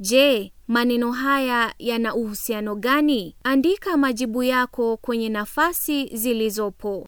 Je, maneno haya yana uhusiano gani? Andika majibu yako kwenye nafasi zilizopo.